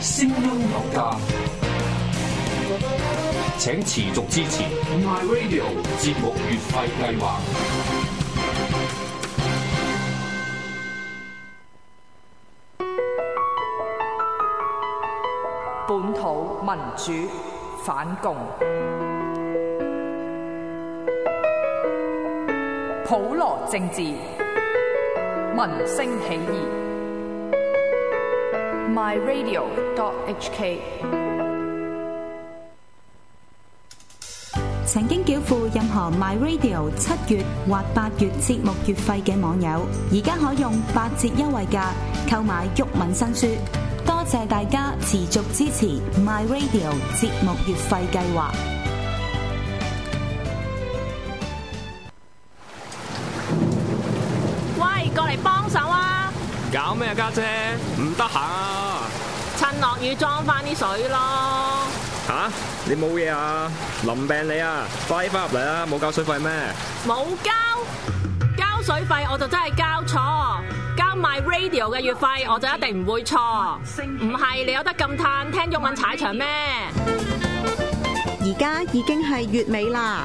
聲音有價，請持續支持 My Radio 節目月費計劃。本土民主反共，普羅政治，民生起義。My Radio. HK。曾經繳付任何 My Radio 七月或八月節目月費嘅網友，而家可用八折優惠價購買毓民新書。多謝大家持續支持 My Radio 節目月費計劃。搞咩啊家姐？唔得閒啊！趁落雨裝翻啲水咯。吓，你冇嘢啊？淋病你啊？快翻入嚟啊！冇交水費咩？冇交，交水費我就真係交錯，交埋 radio 嘅月費我就一定唔會錯。唔係你有得咁嘆聽玉敏踩場咩？而家已經係月尾啦。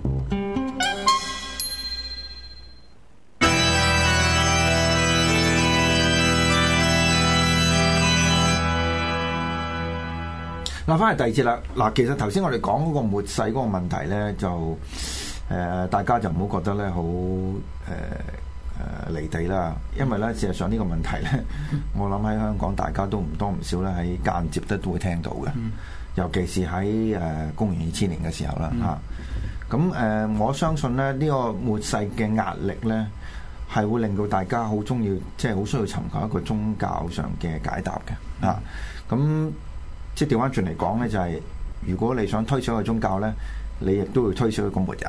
嗱，翻嚟第二節啦。嗱，其實頭先我哋講嗰個末世嗰個問題咧，就誒、呃、大家就唔好覺得呢好誒離地啦，因為呢，事實上呢個問題呢，嗯、我諗喺香港大家都唔多唔少呢喺間接得都會聽到嘅，嗯、尤其是喺誒公元二千年嘅時候啦嚇。咁誒、嗯啊呃，我相信咧呢、呢個末世嘅壓力呢，係會令到大家好中意，即係好需要尋求一個宗教上嘅解答嘅嚇。咁、啊即調翻轉嚟講呢，就係、是、如果你想推銷個宗教呢，你亦都會推銷一個末日。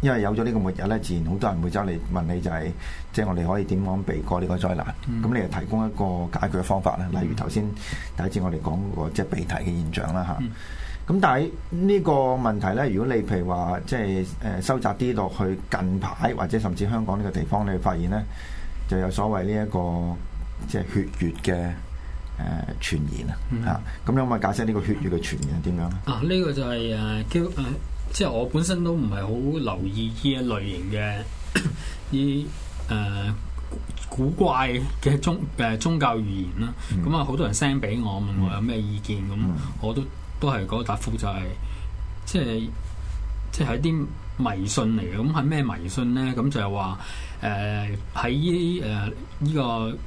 因為有咗呢個末日呢，自然好多人會走嚟問你，就係、是、即我哋可以點樣避過呢個災難？嗯。咁你又提供一個解決嘅方法呢，例如頭先第一次我哋講個即被提嘅現象啦吓，嗯。咁、啊、但係呢個問題呢，如果你譬如話即誒收窄啲落去近排或者甚至香港呢個地方，你會發現呢，就有所謂呢、這、一個即血月嘅。誒，傳、呃、言啊，吓咁樣咪解釋呢個血月嘅傳言點樣啊，呢、這個就係誒叫誒，即係我本身都唔係好留意呢一類型嘅依誒古怪嘅宗誒宗教預言啦。咁啊，好多人 send 俾我啊，問我有咩意見咁，嗯嗯嗯嗯、我都都係嗰個答覆就係、是，即係即係啲迷信嚟嘅。咁係咩迷信咧？咁就係話誒喺依誒依個。這個這個這個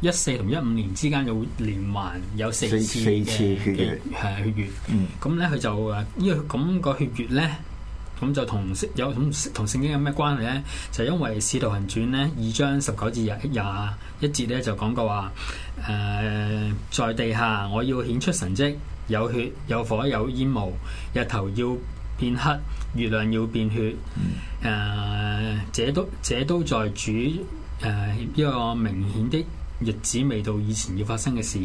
一四同一五年之間有連環有四次血月，係血月。嗯，咁咧佢就啊，因為咁個血月咧，咁就同有同同聖經有咩關係咧？就因為《使徒行傳》咧二章十九至廿一廿一節咧就講過話，誒、呃、在地下我要顯出神蹟，有血，有火，有，火有煙霧，日頭要變黑，月亮要變血。嗯，誒、啊，這都這都在主誒、啊、一個明顯的。日子未到以前要發生嘅事，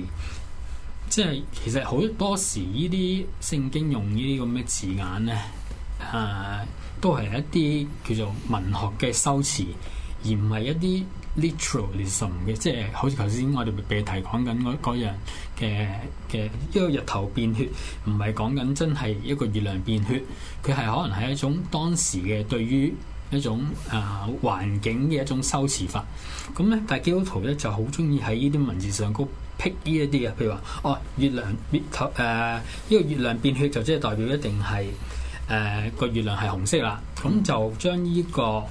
即係其實好多時呢啲聖經用呢啲咁嘅字眼咧、啊，都係一啲叫做文學嘅修辭，而唔係一啲 literalism 嘅，即係好似頭先我哋被提講緊嗰嗰樣嘅嘅，一個日頭變血，唔係講緊真係一個月亮變血，佢係可能係一種當時嘅對於。一種啊、呃、環境嘅一種修辭法，咁咧，但係基督徒咧就好中意喺呢啲文字上高辟呢一啲嘅，譬如話，哦月亮變誒，因為、呃這個、月亮變血就即係代表一定係誒個月亮係紅色啦，咁就將呢個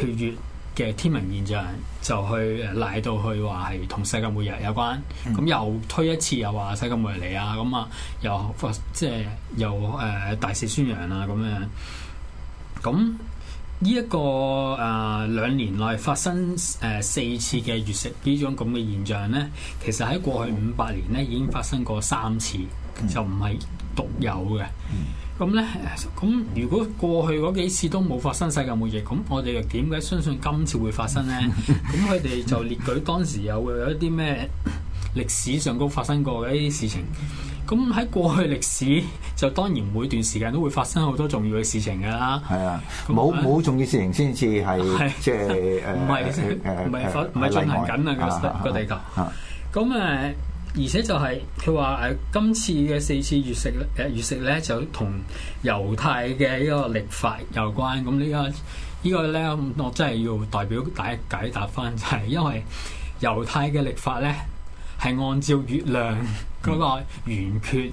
血月嘅天文現象就去賴到去話係同世界末日有關，咁又推一次又話世界末日嚟、呃、啊，咁啊又即係又誒大肆宣揚啊咁樣，咁。呢一、這個誒兩、呃、年內發生誒、呃、四次嘅月食呢種咁嘅現象咧，其實喺過去五百年咧已經發生過三次，就唔係獨有嘅。咁咧、嗯，咁如果過去嗰幾次都冇發生世界末日，咁我哋又點解相信今次會發生咧？咁佢哋就列舉當時有有一啲咩歷史上高發生過嘅啲事情。咁喺過去歷史就當然每段時間都會發生好多重要嘅事情㗎啦。係啊，冇冇麼重要事情先至係即係誒。唔係唔係發唔係進行緊啊個、呃呃、個地球。咁誒、呃，呃、而且就係佢話誒今次嘅四次月食咧，月食咧就同猶太嘅一個曆法有關。咁呢、呢個呢個呢個咧，我真係要代表大家解解答返，就係、是、因為猶太嘅曆法咧係按照月亮。 嗰個圓缺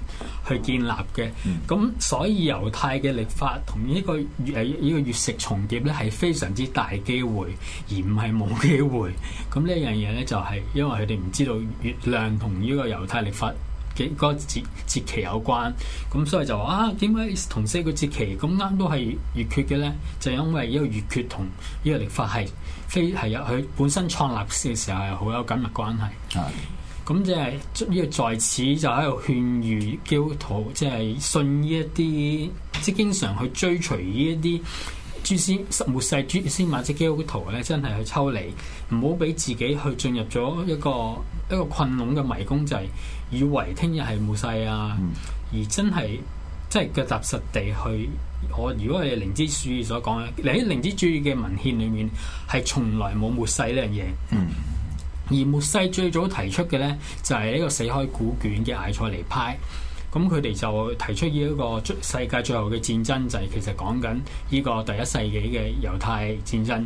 去建立嘅，咁、嗯嗯、所以猶太嘅歷法同呢個月呢、呢個月食重疊咧，係非常之大機會，而唔係冇機會。咁呢樣嘢咧就係因為佢哋唔知道月亮同呢個猶太曆法嘅、呢個節節期有關，咁所以就話啊，點解同四個節期咁啱都係月，月缺嘅咧？就因為呢個月缺同呢個歷法係非係有佢本身創立時嘅時候係好有緊密關係。係、嗯。嗯咁即係要在此就喺度勸喻基督徒，即、就、係、是、信呢一啲，即、就、係、是、經常去追隨呢一啲蛛絲末世蛛絲馬跡基督徒咧，真係去抽離，唔好俾自己去進入咗一個一個困籠嘅迷宮，就係、是、以為聽日係末世啊！嗯、而真係即係腳踏實地去，我如果係靈知主義所講嘅，你喺靈知主義嘅文獻裏面係從來冇末世呢樣嘢。嗯而末世最早提出嘅咧，就係、是、呢個死海古卷嘅艾塞尼派，咁佢哋就提出呢一個世界最後嘅戰爭，就係、是、其實講緊呢個第一世紀嘅猶太戰爭。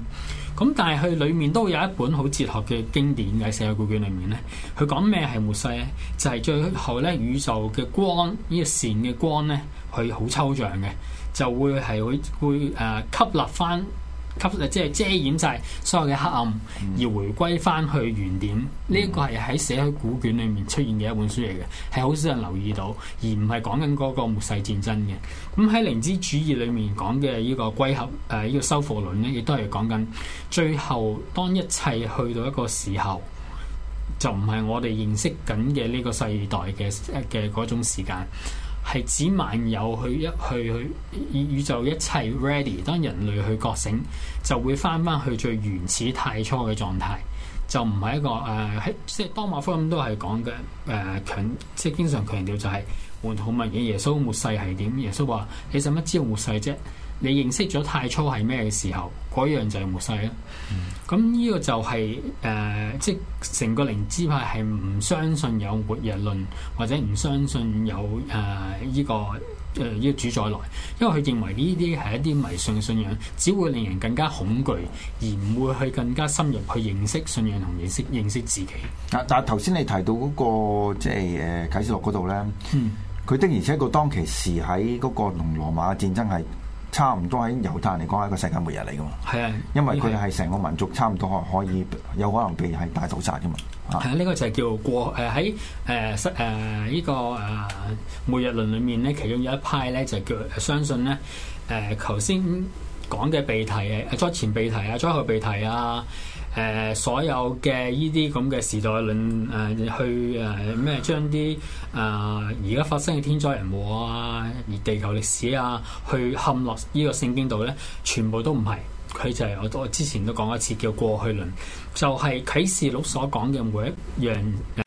咁但係佢裡面都有一本好哲學嘅經典喺死海古卷裏面咧，佢講咩係末世咧？就係、是、最後咧宇宙嘅光，呢個、線光呢個善嘅光咧，佢好抽象嘅，就會係會會誒、呃、吸納翻。吸即係遮掩晒所有嘅黑暗，而回歸翻去原點。呢、這、一個係喺《死海古卷》裏面出現嘅一本書嚟嘅，係好少人留意到，而唔係講緊嗰個末世戰爭嘅。咁喺靈知主義裏面講嘅呢個歸合誒呢、呃這個修復論咧，亦都係講緊最後當一切去到一個時候，就唔係我哋認識緊嘅呢個世代嘅嘅嗰種時間。係指萬有去一去去，去宇宙一切 ready，當人類去覺醒就會翻翻去最原始太初嘅狀態，就唔係一個誒喺、呃、即係當馬福咁都係講嘅誒強，即係經常強調就係、是、換好問語，耶穌末世係點？耶穌話：你使乜知末世啫？你認識咗太初係咩嘅時候？嗰樣就係末世啦。咁呢個就係、是、誒、呃，即係成個靈知派係唔相信有末日論，或者唔相信有誒呢、呃這個誒呢、呃這個主宰來，因為佢認為呢啲係一啲迷信信仰，只會令人更加恐懼，而唔會去更加深入去認識信仰同認識認識自己。啊！但係頭先你提到嗰、那個即係誒啟示錄嗰度咧，佢的而且確當其時喺嗰個羅馬戰爭係。差唔多喺猶太人嚟講係一個世界末日嚟噶嘛？係啊 因為佢係成個民族差唔多可以有可能被係大屠殺噶嘛。係啊，呢個就係叫過誒喺誒誒呢個誒末日論裡面咧，其中有一派咧就叫相信咧誒頭先講嘅被提誒，災前被提啊，災後被提啊。誒、呃、所有嘅呢啲咁嘅時代論誒、呃、去誒咩、呃、將啲啊而家發生嘅天災人禍啊而地球歷史啊去陷落呢個聖經度咧，全部都唔係佢就係、是、我我之前都講過一次叫過去論，就係、是、啟示錄所講嘅每一樣誒、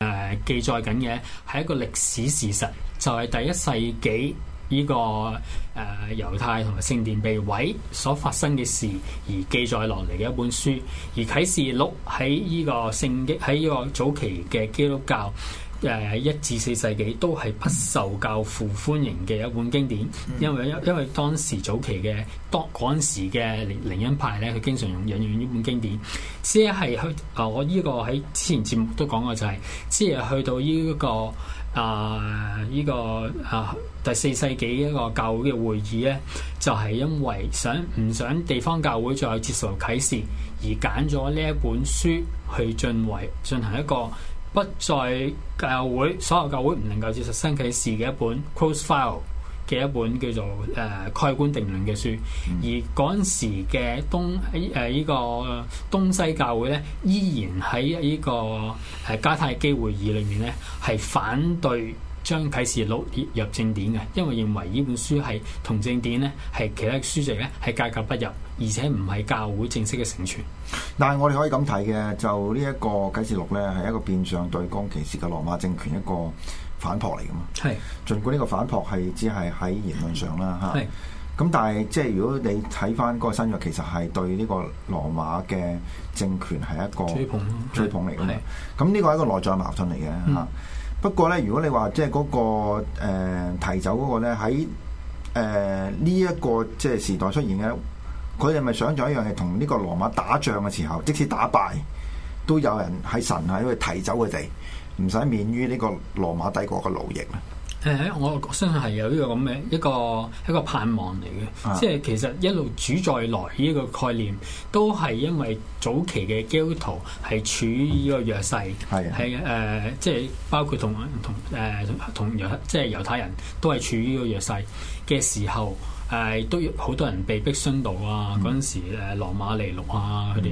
呃、記載緊嘅係一個歷史事實，就係、是、第一世紀。呢、這個誒、呃、猶太同埋聖殿被毀所發生嘅事而記載落嚟嘅一本書。而《啟示錄》喺呢個聖經喺呢個早期嘅基督教誒一至四世紀都係不受教父歡迎嘅一本經典，因為因因為當時早期嘅當嗰陣時嘅靈恩派咧，佢經常用引用呢本經典，即係去啊、呃、我呢個喺之前節目都講過就係、是，即係去到呢、這個。啊！依、uh, 這個啊、uh, 第四世紀一個教會嘅會議咧，就係、是、因為想唔想地方教會再接受啟示，而揀咗呢一本書去進為進行一個不再教會所有教會唔能夠接受新啟示嘅一本 close file。嘅一本叫做《誒蓋棺定論》嘅書，嗯、而嗰陣時嘅東誒依、呃這個東西教會咧，依然喺呢、這個誒、呃、加泰基會議裏面咧，係反對將啟示錄入正典嘅，因為認為呢本書係同正典咧係其他書籍咧係格格不入，而且唔係教會正式嘅成全。但係我哋可以咁睇嘅，就啟呢一個啟示錄咧係一個變相對抗其時嘅羅馬政權一個。反撲嚟噶嘛？係是，儘管呢個反撲係只係喺言論上啦嚇。咁是、啊、但係即係如果你睇翻嗰個新約，其實係對呢個羅馬嘅政權係一個追捧，追捧嚟噶嘛。咁呢個係一個內在矛盾嚟嘅嚇。嗯、不過咧，如果你話即係嗰、嗰個、呃、提走嗰個咧，喺誒呢一個即係時代出現嘅，佢哋咪想像一樣係同呢個羅馬打仗嘅時候，即使打敗，都有人喺神喺度提走佢哋。唔使免於呢個羅馬帝國嘅奴役咧。誒、呃，我相信係有呢個咁嘅一個一個，一個盼望嚟嘅。啊、即係其實一路主在來主再來呢個概念，都係因為早期嘅基督徒係處於呢個弱勢，係誒、嗯呃，即係包括同同誒同猶即係猶太人都係處於呢個弱勢嘅時候。誒、啊、都有好多人被逼殉道啊！嗰陣、嗯、時誒、啊、羅馬尼祿啊，佢哋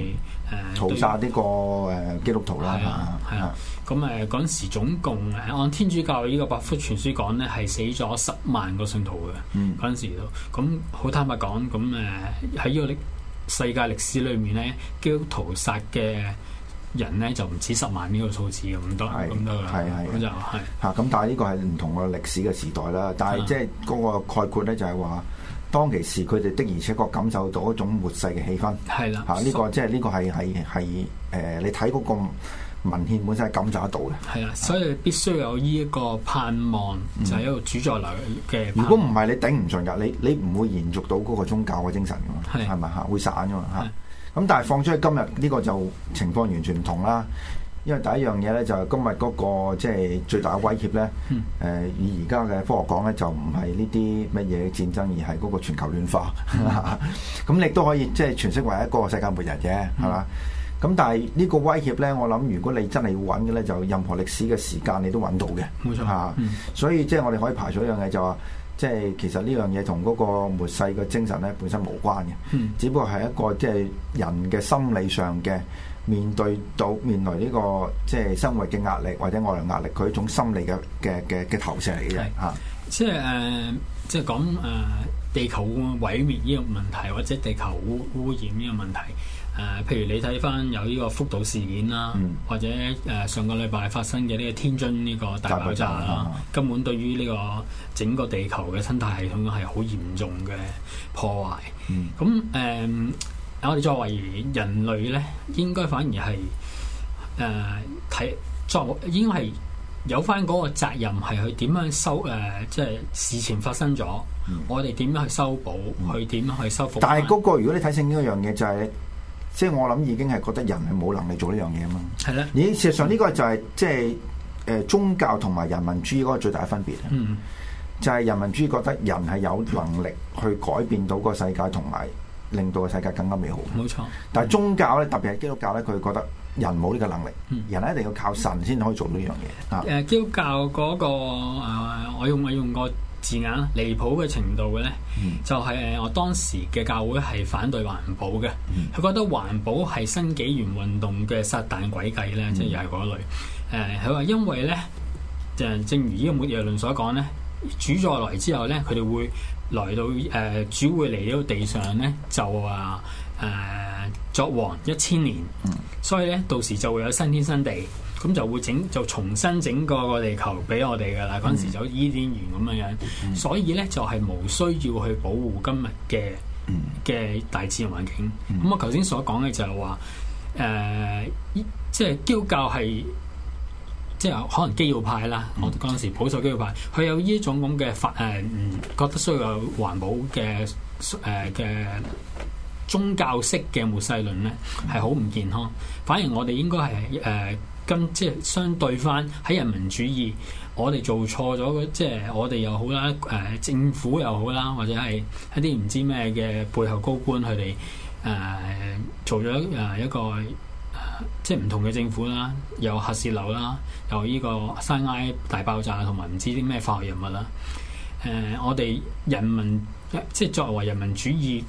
誒屠殺呢、這個誒、呃、基督徒啦。係啊，咁誒嗰陣時總共誒按天主教個傳呢個百科全書講咧，係死咗十萬個信徒嘅。嗰陣、嗯、時都咁好坦白講，咁誒喺呢個歷世界歷史裏面咧，基督徒殺嘅人咧就唔止十萬呢個數字嘅，唔多，唔是多嘅，咁就係嚇。咁但係呢個係唔同個歷史嘅時代啦。但係即係嗰個概括咧，就係話當其時佢哋的而且確感受到一種末世嘅氣氛。係啦的，嚇呢、啊這個即係呢個係係係誒，你睇嗰個文獻本身係感受得到嘅。係啦，所以必須有呢一個盼望，就係、是、一個主宰。留嘅、嗯。如果唔係，你頂唔順㗎，你你唔會延續到嗰個宗教嘅精神㗎嘛，係咪嚇？會散㗎嘛嚇。是 咁但係放出去今日呢、這個就情況完全唔同啦，因為第一樣嘢咧就係、是、今日嗰、那個即係、就是、最大嘅威脅咧，誒以而家嘅科學講咧就唔係呢啲乜嘢戰爭而係嗰個全球暖化，咁、嗯 嗯、你都可以即係詮釋為一個世界末日嘅，係嘛？咁、嗯、但係呢個威脅咧，我諗如果你真係要揾嘅咧，就任何歷史嘅時間你都揾到嘅，冇錯吓，所以即係我哋可以排除一樣嘢就話、是。即係其實呢樣嘢同嗰個末世嘅精神咧，本身無關嘅，只不過係一個即係人嘅心理上嘅面對到，面對呢個即係生活嘅壓力或者外來壓力，佢一種心理嘅嘅嘅嘅投射嚟嘅嚇。即係誒，即係講誒地球毀滅呢個問題或者地球污污染呢個問題。誒、呃，譬如你睇翻有呢個福島事件啦，嗯、或者誒、呃、上個禮拜發生嘅呢個天津呢個大爆炸啦，嗯嗯、根本對於呢個整個地球嘅生態系統係好嚴重嘅破壞。咁誒、嗯呃，我哋作為人類咧，應該反而係誒睇作應該係有翻嗰個責任，係去點樣修誒，即、就、係、是、事前發生咗，嗯、我哋點樣去修補，嗯、去點樣去修復。但係嗰、那個，如果你睇清楚一樣嘢，就係。即係我諗，已經係覺得人係冇能力做呢樣嘢啊嘛。係啦的，已事實上呢個就係即係誒宗教同埋人民主義嗰個最大嘅分別嗯，就係人民主義覺得人係有能力去改變到個世界，同埋令到個世界更加美好。冇錯。嗯、但係宗教咧，特別係基督教咧，佢覺得人冇呢個能力，嗯、人一定要靠神先可以做到呢樣嘢。誒、嗯，啊、基督教嗰、那個誒、呃，我用咪用過。字眼啦，離譜嘅程度嘅咧，嗯、就係誒我當時嘅教會係反對環保嘅，佢、嗯、覺得環保係新紀元運動嘅撒旦詭計咧，嗯、即係又係嗰類。佢、呃、話因為咧誒，正如呢個末日論所講咧，主再來之後咧，佢哋會來到誒、呃，主會嚟到地上咧，就啊誒、呃、作王一千年，嗯、所以咧到時就會有新天新地。咁就會整就重新整個個地球俾我哋噶啦，嗰陣時就伊甸園咁樣樣，嗯、所以咧就係冇需要去保護今日嘅嘅大自然環境。咁、嗯、我頭先所講嘅就係話，誒、呃，即係基督教係即係可能基要派啦，嗯、我嗰陣時保守基要派，佢有呢種咁嘅法誒，覺得需要有環保嘅誒嘅宗教式嘅末世論咧係好唔健康，反而我哋應該係誒。呃跟即係相對翻喺人民主義，我哋做錯咗，即係我哋又好啦，誒、呃、政府又好啦，或者係一啲唔知咩嘅背後高官佢哋誒做咗誒一個、呃、即係唔同嘅政府啦，又有核泄漏啦，又有呢個山埃大爆炸同埋唔知啲咩化學物啦。誒、呃，我哋人民即係作為人民主義。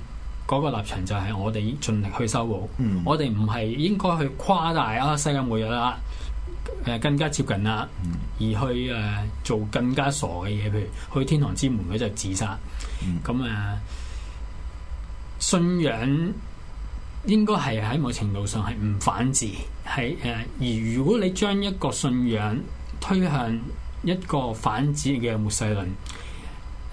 嗰個立場就係我哋盡力去修補，嗯、我哋唔係應該去誇大啊世界末日啦、啊，誒更加接近啦、啊，嗯、而去誒、啊、做更加傻嘅嘢，譬如去天堂之門嗰就係自殺，咁、嗯、啊信仰應該係喺某程度上係唔反智，係誒、啊、而如果你將一個信仰推向一個反智嘅末世論。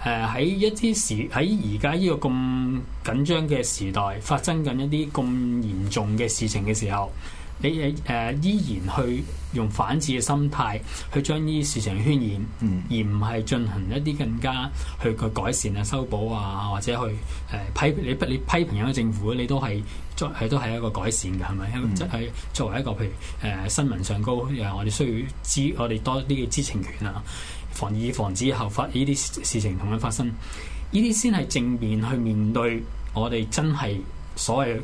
誒喺、呃、一啲時喺而家呢個咁緊張嘅時代，發生緊一啲咁嚴重嘅事情嘅時候，你誒誒、呃、依然去用反智嘅心態去將呢啲事情渲染，嗯、而唔係進行一啲更加去嘅改善啊、修補啊，或者去誒、呃、批評你不你批評緊政府，你都係作係都係一個改善嘅，係咪？即係、嗯、作為一個譬如誒、呃、新聞上高，又我哋需要知我哋多啲嘅知情權啊。防以防止後發呢啲事情同樣發生，呢啲先係正面去面對我哋真係所謂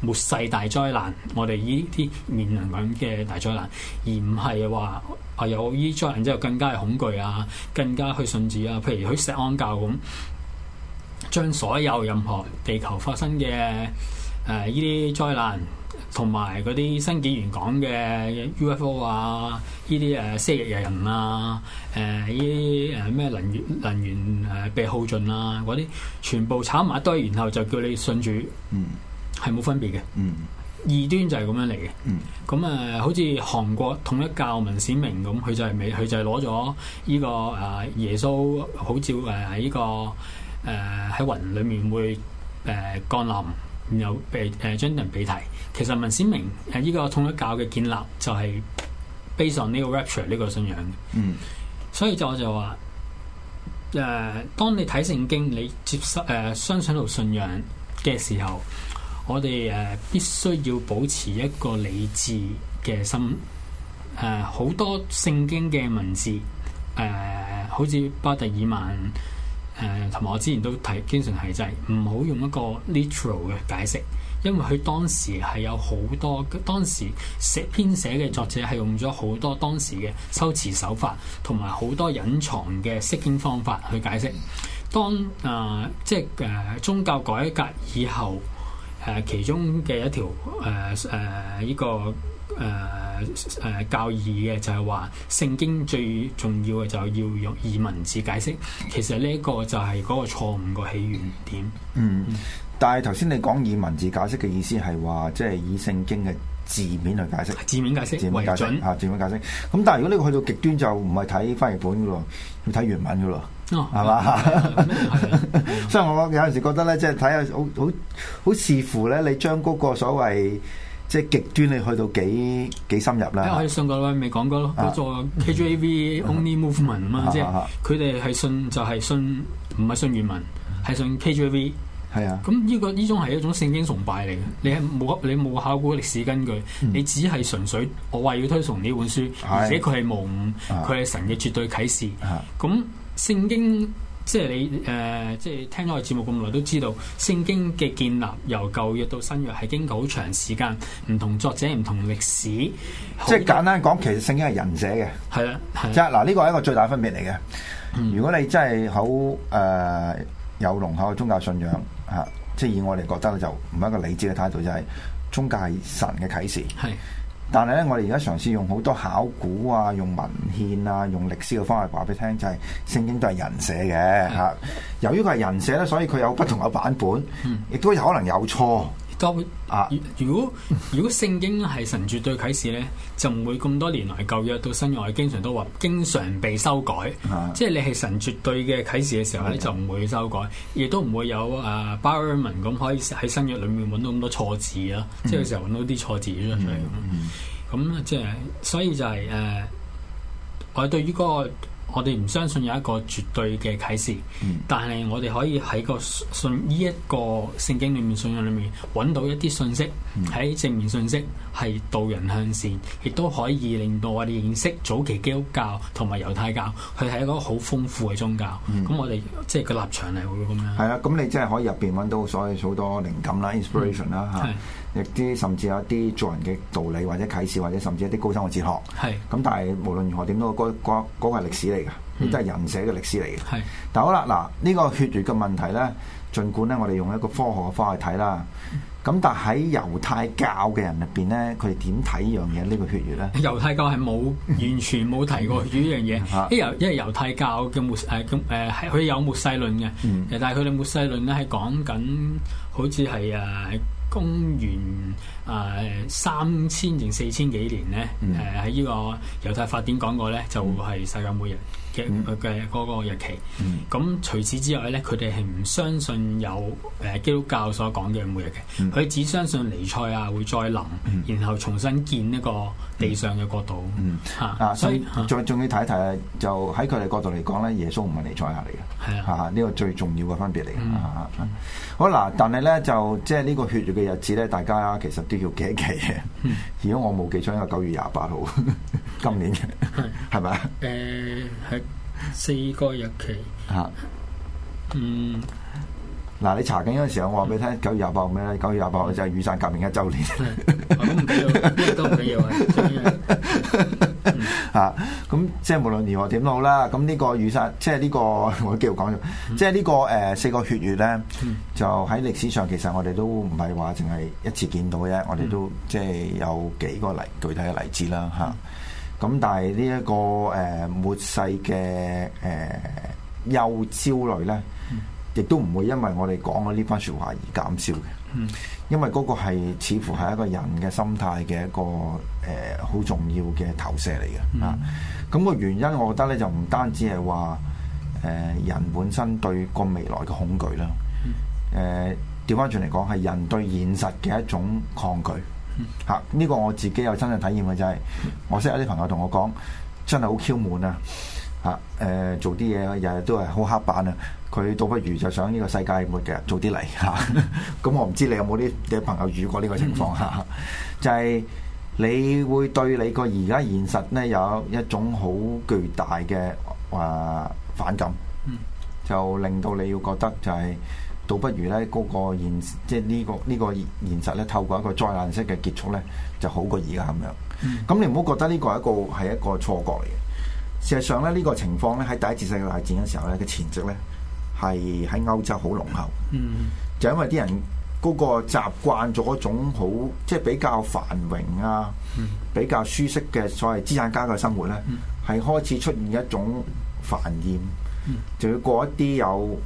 末世大災難。我哋呢啲面臨緊嘅大災難，而唔係話我有呢啲災難之後更加係恐懼啊，更加去信主啊。譬如去錫安教咁，將所有任何地球發生嘅誒呢啲災難。同埋嗰啲新紀元講嘅 UFO 啊，呢啲誒蜥蜴人啊，誒呢啲誒咩能源能源誒、啊、被耗盡啊，嗰啲全部炒埋一堆，然後就叫你信主，係冇、嗯、分別嘅。異、嗯、端就係咁樣嚟嘅。咁、嗯、啊，好似韓國統一教文鮮明咁，佢就係咪，佢就係攞咗呢個誒、啊、耶穌好照誒喺呢個誒喺雲裡面會誒、啊、降臨。有俾誒將頓被提，其實文鮮明誒呢個統一教嘅建立就係 base on 呢個 rapture 呢個信仰嗯，所以就我就話誒，uh, 當你睇聖經，你接受誒、uh, 相信同信仰嘅時候，我哋誒、uh, 必須要保持一個理智嘅心。誒，好多聖經嘅文字誒，uh, 好似巴特爾曼。誒同埋我之前都睇，經常係制，就係唔好用一個 literal 嘅解釋，因為佢當時係有好多，多當時寫編寫嘅作者係用咗好多當時嘅修辭手法，同埋好多隱藏嘅釋經方法去解釋。當誒、呃、即係誒、呃、宗教改革以後。誒，其中嘅一條誒、誒呢個誒誒、呃呃、教義嘅就係話，聖經最重要嘅就係要用以文字解釋，其實呢一個就係嗰個錯誤個起源點。嗯，但係頭先你講以文字解釋嘅意思係話，即、就、係、是、以聖經嘅字面嚟解釋，字面解釋為準啊，字面解釋。咁準但係如果呢個去到極端，就唔係睇翻譯本噶咯，要睇原文噶咯。係嘛，所以我有陣時覺得咧，即係睇下好好好視乎咧，你將嗰個所謂即係極端，你去到幾幾深入啦。誒，我哋上個禮拜咪講過咯，嗰座 KJV Only Movement 啊嘛，即係佢哋係信就係信，唔係信原文，係信 KJV。係啊，咁呢個呢種係一種聖經崇拜嚟嘅。你係冇你冇考古歷史根據，你只係純粹我話要推崇呢本書，而且佢係無誤，佢係神嘅絕對啟示。咁聖經即係你誒，即係、呃、聽咗我哋節目咁耐都知道，聖經嘅建立由舊約到新約係經過好長時間，唔同作者唔同歷史。即係簡單講，其實聖經係人寫嘅。係啦、啊，係、啊、即係嗱，呢個係一個最大分別嚟嘅。如果你真係好誒有濃厚嘅宗教信仰嚇、啊，即係以我哋覺得就唔係一個理智嘅態度，就係、係、宗教係神嘅啟示。係。但係咧，我哋而家嘗試用好多考古啊、用文獻啊、用歷史嘅方法話俾你聽，就係、是、聖經都係人寫嘅嚇。嗯、由於佢係人寫咧，所以佢有不同嘅版本，嗯、亦都有可能有錯。就如果如果聖經係神絕對啟示咧，就唔會咁多年來舊約到新約，我經常都話經常被修改，Yeah. 即係你係神絕對嘅啟示嘅時候咧，就唔會修改，亦都唔會有啊 Bart Ehrman 咁可以喺新約裏面揾到咁多錯字啊，mm hmm. 即係有時候揾到啲錯字出嚟咁，咁即係所以就係、是、誒，uh, 我對於嗰、那個。我哋唔相信有一個絕對嘅啟示，嗯、但係我哋可以喺個信呢一、這個聖經裏面信仰裏面揾到一啲信息，喺、嗯、正面信息係導人向善，亦都可以令到我哋認識早期基督教同埋猶太教，佢係一個好豐富嘅宗教。咁、嗯、我哋即係個立場嚟會咁樣。係啊，咁你真係可以入邊揾到所謂好多靈感啦、inspiration 啦嚇、嗯。亦啲甚至有一啲做人嘅道理，或者啟示，或者甚至一啲高生活哲學。係咁是，但係無論如何點都嗰嗰嗰個歷史嚟嘅，都係人寫嘅歷史嚟嘅。係是但好啦，嗱呢個血緣嘅問題咧，儘管咧我哋用一個科學嘅方法去睇啦。咁但係喺猶太教嘅人入邊咧，佢哋點睇呢樣嘢呢個血緣咧？猶太教係冇完全冇提過呢樣嘢。 因為猶太教嘅末誒誒，佢、啊、有末世論嘅，嗯、但係佢哋末世論咧係講緊好似係誒。公元誒、呃、三千定四千幾年咧，誒喺呢個猶太法典講過咧，就係世界末日。嘅嘅嗰個日期，咁除、嗯、此之外咧，佢哋係唔相信有誒基督教所講嘅末日嘅，佢、嗯、只相信彌賽亞會再臨，嗯、然後重新建一個地上嘅國度嚇、嗯啊。所以仲仲要睇一睇啊，看看就喺佢哋角度嚟講咧，耶穌唔係彌賽亞嚟嘅，嚇呢個最重要嘅分別嚟嘅，好嗱，但係咧就即係呢個血月嘅日子咧，大家其實都要記一記嘅。如果我冇記錯，應該九月廿八號今年嘅，係咪啊？誒是係。是是是是是四個日期吓，啊、嗯，嗱你查緊嗰陣時候，我話俾你聽，九月廿八號咩咧？九月廿八號就係雨傘革命一週年。咁唔俾要，多俾嘢喎。吓， 咁、嗯啊、即係無論如何點都好啦。咁呢個雨傘，即係呢、這個我繼續講咗， 即係呢、這個誒四、嗯這個呃、個血月咧，嗯、就喺歷史上其實我哋都唔係話淨係一次見到嘅，我哋都即係有幾個例具體嘅例子啦，吓、啊。嗯咁但係呢一個誒末、呃、世嘅誒憂焦慮咧，亦、嗯、都唔會因為我哋講嘅呢番説話而減少嘅。嗯、因為嗰個係似乎係一個人嘅心態嘅一個誒好、呃、重要嘅投射嚟嘅啊。咁、嗯嗯、個原因，我覺得咧就唔單止係話誒人本身對個未來嘅恐懼啦。誒調返轉嚟講，係人對現實嘅一種抗拒。吓，呢個我自己有真實體驗嘅就係、是，我識有啲朋友同我講，真係好 Q 悶啊！嚇、呃，誒做啲嘢日日都係好黑板啊，佢倒不如就想呢個世界末日早啲嚟嚇。咁我唔知你有冇啲嘅朋友遇過呢個情況嚇、啊，就係、是、你會對你個而家現實咧有一種好巨大嘅話、呃、反感，就令到你要覺得就係、是。倒不如呢嗰、那個現實即係、這、呢個呢、這個現實呢，透過一個災難式嘅結束呢，就好過而家咁樣。咁、嗯、你唔好覺得呢個係一個係一個錯覺嚟嘅。事實上呢，呢、這個情況呢，喺第一次世界大戰嘅時候呢，嘅前夕呢，係喺歐洲好濃厚。嗯、就因為啲人嗰個習慣咗一種好即係、就是、比較繁榮啊，嗯、比較舒適嘅所謂資產家嘅生活呢，係、嗯、開始出現一種煩厭，就要過一啲有，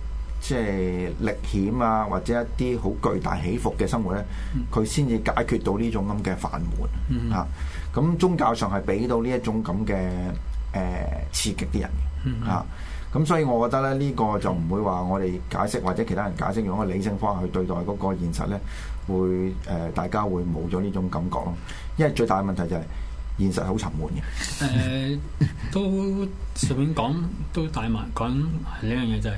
即係歷險啊，或者一啲好巨大起伏嘅生活咧，佢先至解決到呢種咁嘅煩悶啊！咁、嗯、宗教上係俾到呢一種咁嘅誒刺激啲人啊！咁、嗯嗯嗯啊、所以我覺得咧，呢、呢個就唔會話我哋解釋或者其他人解釋咗，用一個理性方式去對待嗰個現實咧，會誒、呃、大家會冇咗呢種感覺咯。因為最大嘅問題就係現實係好沉悶嘅。誒，都順便講都帶埋講呢樣嘢就係。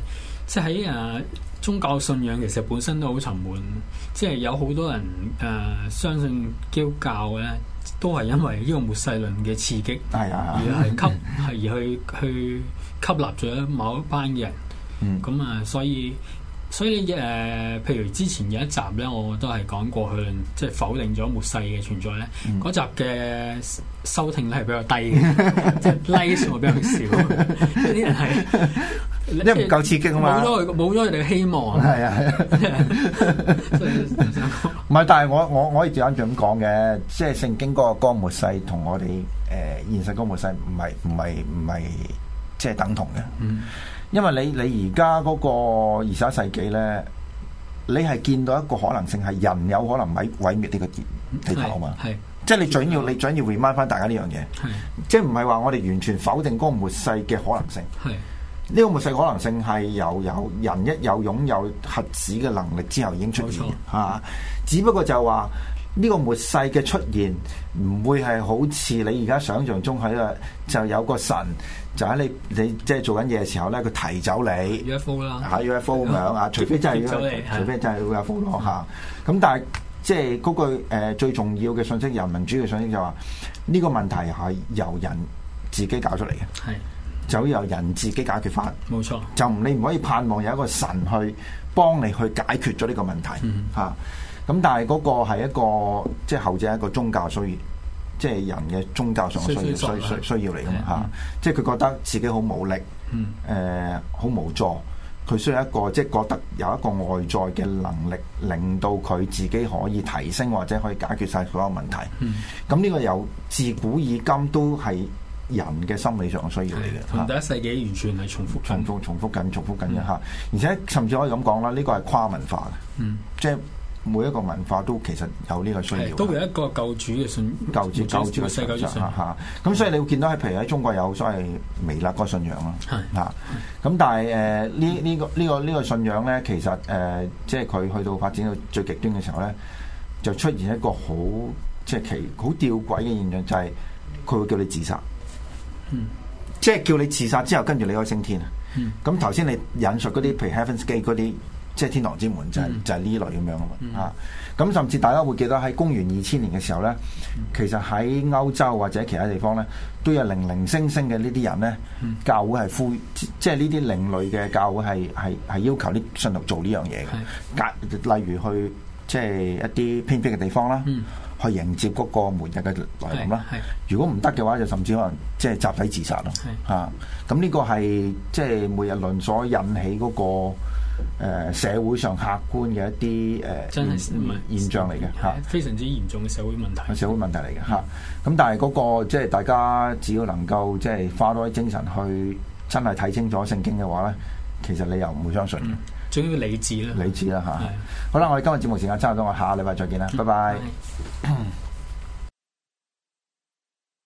即喺誒、啊、宗教信仰其實本身都好沉悶，即係有好多人誒、啊、相信基督教咧，都係因為呢個末世論嘅刺激，哎、呀而係吸，係 而去去吸納咗某一班人，咁、嗯、啊，所以。所以你、呃、譬如之前有一集咧，我都係講過去，即係否定咗末世嘅存在咧。嗰、嗯、集嘅收聽率係比較低嘅，即係 likes 比較少，有 啲人係，因為唔夠刺激啊嘛。冇咗佢，冇咗佢哋嘅希望。係啊係啊。唔係， 但係我我我可以隻眼咁講嘅，即係聖經嗰個末世同我哋誒、呃、現實個末世唔係唔係唔係即係等同嘅。嗯。 因為你你而家嗰個二十一世紀咧，你係見到一個可能性係人有可能毀毀滅呢個地地頭嘛？係，即係你最緊要是你最緊要 remind 翻大家呢樣嘢，係是，即係唔係話我哋完全否定嗰個末世嘅可能性？係，呢個末世可能性係有有人一有擁有核子嘅能力之後已經出現嚇錯，只不過就話呢個末世嘅出現唔會係好似你而家想像中喺度就有個神。就喺你你即係做緊嘢嘅時候咧，佢提走你。UFO 啦，嚇 UFO 咁樣啊，UFO，的除非真係，的除非真係 UFO 咯嚇。咁的的但係即係嗰句誒最重要嘅信息，人民主義嘅信息就話，是，呢，這個問題係由人自己搞出嚟嘅，係的就由人自己解決翻。冇錯，就唔你唔可以盼望有一個神去幫你去解決咗呢個問題嚇。咁，嗯、但係嗰個係一個即係後者係一個宗教所以。即係人嘅宗教上嘅需要，需需需要嚟噶嘛嚇！的嗯、即係佢覺得自己好冇力，誒好、嗯呃、無助，佢需要一個即係覺得有一個外在嘅能力，令到佢自己可以提升或者可以解決晒所有問題。咁呢、嗯、個由自古以今都係人嘅心理上嘅需要嚟嘅。同第一世紀完全係重，重複，重複重複緊，重複緊嘅嚇！嗯、而且甚至可以咁講啦，呢、呢個係跨文化嘅，嗯、即係。每一個文化都其實有呢個需要，都有一個救主嘅信，救治主救主嘅信仰嚇嚇。咁、啊啊、所以你會見到喺譬如喺中國有所謂彌勒嗰個信仰咯，嚇的。咁、啊啊、但係誒呢呢個呢、這個呢、這個信仰咧，其實誒、呃、即係佢去到發展到最極端嘅時候咧，就出現一個好即係奇好吊詭嘅現象，就係、是、佢會叫你自殺。嗯。即係叫你自殺之後，跟住你可以升天。嗯。咁頭先你引述嗰啲譬如 Heaven’s Gate 嗰啲。即係天堂之門，就係就係呢類咁樣啊嘛嚇！咁甚至大家會記得喺公元二千年嘅時候咧，其實喺歐洲或者其他地方咧，都有零零星星嘅呢啲人咧，教會係呼，即係呢啲另類嘅教會係係係要求啲信徒做呢樣嘢嘅。例如去即係一啲偏僻嘅地方啦，去迎接嗰個末日嘅來臨啦。如果唔得嘅話，就甚至可能即係集體自殺咯嚇。咁呢個係即係末日論所引起嗰個。誒、呃，社會上客觀嘅一啲誒、呃、是現象嚟嘅吓，非常之嚴重嘅社會問題，社會問題嚟嘅吓。咁、嗯啊、但係嗰、那個即係大家只要能夠即係花多啲精神去真係睇清楚聖經嘅話咧，其實你又唔會相信。嗯，最緊要理智啦，理智啦吓。啊、的好啦，我哋今日節目時間差唔多，我下個禮拜再見啦，嗯、拜拜。拜拜